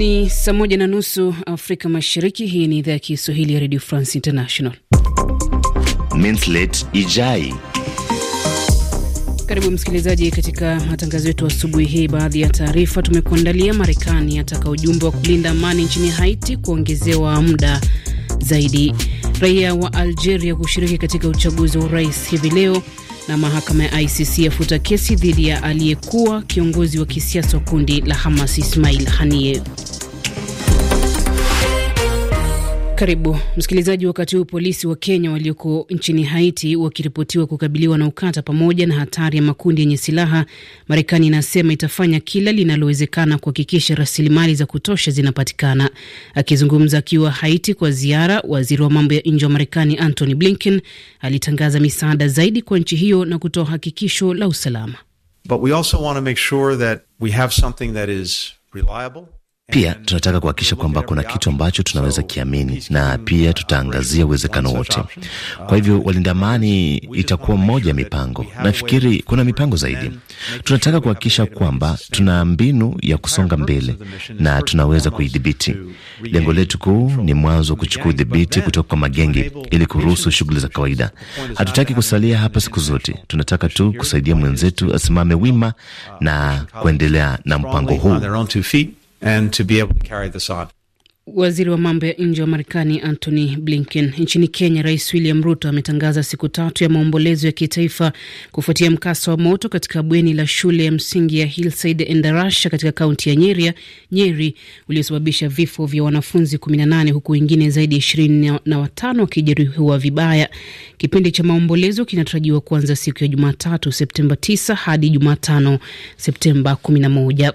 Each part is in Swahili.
Ni saa moja na nusu Afrika Mashariki. Hii ni idhaa ya Kiswahili ya Radio France International. Ijai. Karibu msikilizaji, katika matangazo yetu asubuhi hii. Baadhi ya taarifa tumekuandalia: Marekani ataka ujumbe wa kulinda amani nchini Haiti kuongezewa muda zaidi; raia wa Algeria kushiriki katika uchaguzi wa urais hivi leo; na mahakama ya ICC yafuta kesi dhidi ya aliyekuwa kiongozi wa kisiasa wa kundi la Hamas Ismail Haniyeh. Karibu msikilizaji. Wakati huu polisi wa Kenya walioko nchini Haiti wakiripotiwa kukabiliwa na ukata pamoja na hatari ya makundi yenye silaha, Marekani inasema itafanya kila linalowezekana kuhakikisha rasilimali za kutosha zinapatikana. Akizungumza akiwa Haiti kwa ziara, waziri wa mambo ya nje wa Marekani Antony Blinken alitangaza misaada zaidi kwa nchi hiyo na kutoa hakikisho la usalama. But we also want to make sure that we have something that is reliable pia tunataka kuhakikisha kwamba kuna kitu ambacho tunaweza kiamini, na pia tutaangazia uwezekano wote. Kwa hivyo, walinda amani itakuwa mmoja ya mipango. Nafikiri kuna mipango zaidi. Tunataka kuhakikisha kwamba tuna mbinu ya kusonga mbele na tunaweza kuidhibiti. Lengo letu kuu ni mwanzo wa kuchukua udhibiti kutoka kwa magenge ili kuruhusu shughuli za kawaida. Hatutaki kusalia hapa siku zote, tunataka tu kusaidia mwenzetu asimame wima na kuendelea na mpango huu and to be able to carry this on. Waziri wa mambo ya nje wa Marekani Antony Blinken. Nchini Kenya, Rais William Ruto ametangaza siku tatu ya maombolezo ya kitaifa kufuatia mkasa wa moto katika bweni la shule ya msingi ya Hillside Endarasha katika kaunti ya Nyeri, Nyeri uliosababisha vifo vya wanafunzi 18 huku wengine zaidi ya ishirini na watano wakijeruhiwa vibaya. Kipindi cha maombolezo kinatarajiwa kuanza siku ya Jumatatu Septemba 9 hadi Jumatano Septemba 11.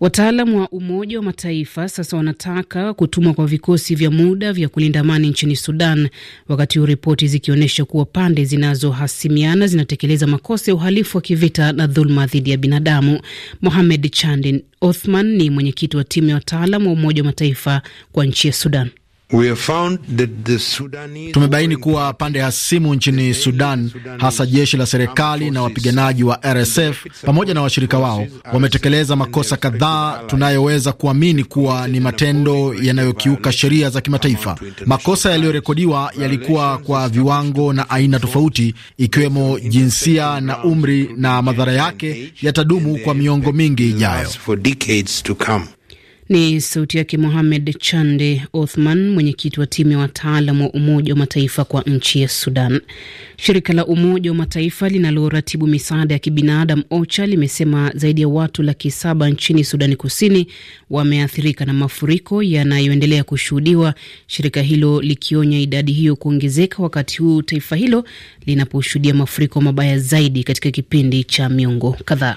Wataalam wa Umoja wa Mataifa sasa wanataka kutumwa kwa vikosi vya muda vya kulinda amani nchini Sudan, wakati huu ripoti zikionyesha kuwa pande zinazohasimiana zinatekeleza makosa ya uhalifu wa kivita na dhuluma dhidi ya binadamu. Mohamed Chandin Othman ni mwenyekiti wa timu ya wataalam wa Umoja wa Mataifa kwa nchi ya Sudan. Tumebaini kuwa pande hasimu nchini Sudan, hasa jeshi la serikali na wapiganaji wa RSF pamoja na washirika wao, wametekeleza makosa kadhaa tunayoweza kuamini kuwa ni matendo yanayokiuka sheria za kimataifa. Makosa yaliyorekodiwa yalikuwa kwa viwango na aina tofauti, ikiwemo jinsia na umri, na madhara yake yatadumu kwa miongo mingi ijayo. Ni sauti yake Mohamed Chande Othman, mwenyekiti wa timu ya wataalam wa Umoja wa Mataifa kwa nchi ya Sudan. Shirika la Umoja wa Mataifa linaloratibu misaada ya kibinadamu OCHA limesema zaidi ya watu laki saba nchini Sudani Kusini wameathirika na mafuriko yanayoendelea kushuhudiwa, shirika hilo likionya idadi hiyo kuongezeka wakati huu taifa hilo linaposhuhudia mafuriko mabaya zaidi katika kipindi cha miongo kadhaa.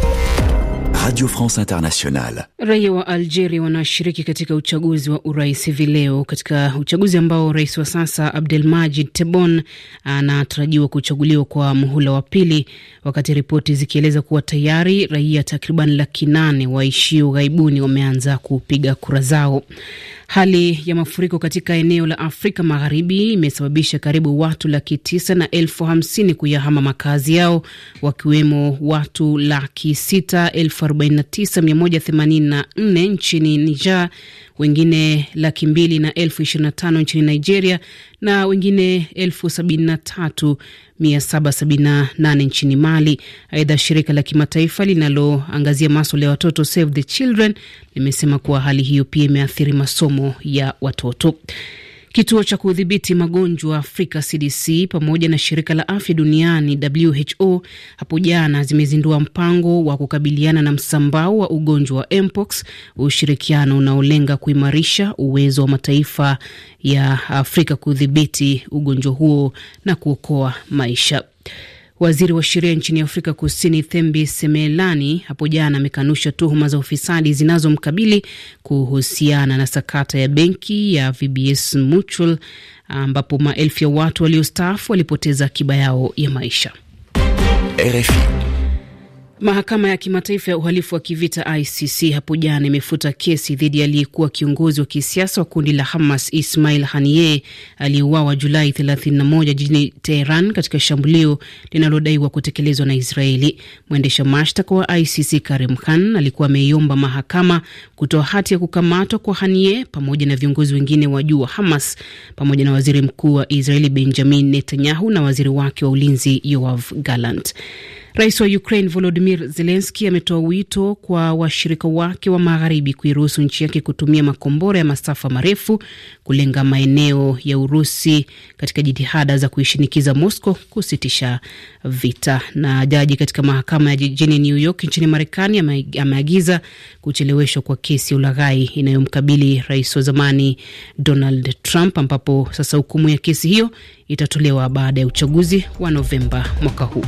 Radio France Internationale. Raia wa Algeria wanashiriki katika uchaguzi wa urais hivi leo, katika uchaguzi ambao rais wa sasa Abdelmajid tebon anatarajiwa kuchaguliwa kwa muhula wa pili, wakati ripoti zikieleza kuwa tayari raia takriban laki nane waishio ghaibuni wameanza kupiga kura zao. Hali ya mafuriko katika eneo la Afrika Magharibi imesababisha karibu watu laki tisa na elfu hamsini kuyahama makazi yao wakiwemo watu laki sita elfu arobaini na tisa mia moja themanini na nne nchini Niger wengine laki mbili na elfu ishirini na tano nchini Nigeria na wengine elfu sabini na tatu mia saba sabini na nane nchini Mali. Aidha, shirika la kimataifa linaloangazia maswala ya watoto Save the Children limesema kuwa hali hiyo pia imeathiri masomo ya watoto. Kituo cha kudhibiti magonjwa Afrika CDC pamoja na shirika la afya duniani WHO hapo jana zimezindua mpango wa kukabiliana na msambao wa ugonjwa wa mpox, ushirikiano unaolenga kuimarisha uwezo wa mataifa ya Afrika kudhibiti ugonjwa huo na kuokoa maisha. Waziri wa sheria nchini Afrika Kusini Thembi Semelani hapo jana amekanusha tuhuma za ufisadi zinazomkabili kuhusiana na sakata ya benki ya VBS Mutual ambapo maelfu ya watu waliostaafu walipoteza akiba yao ya maisha. RFI. Mahakama ya Kimataifa ya Uhalifu wa Kivita ICC hapo jana imefuta kesi dhidi ya aliyekuwa kiongozi wa kisiasa wa kundi la Hamas Ismail Haniyeh aliyeuawa Julai 31 jijini Teheran katika shambulio linalodaiwa kutekelezwa na Israeli. Mwendesha mashtaka wa ICC Karim Khan alikuwa ameiomba mahakama kutoa hati ya kukamatwa kwa Haniyeh pamoja na viongozi wengine wa juu wa Hamas pamoja na waziri mkuu wa Israeli Benjamin Netanyahu na waziri wake wa ulinzi Yoav Gallant. Rais wa Ukraine Volodimir Zelenski ametoa wito kwa washirika wake wa magharibi kuiruhusu nchi yake kutumia makombora ya masafa marefu kulenga maeneo ya Urusi katika jitihada za kuishinikiza Moscow kusitisha vita. Na jaji katika mahakama ya jijini New York nchini Marekani ameagiza kucheleweshwa kwa kesi ya ulaghai inayomkabili rais wa zamani Donald Trump, ambapo sasa hukumu ya kesi hiyo itatolewa baada ya uchaguzi wa Novemba mwaka huu.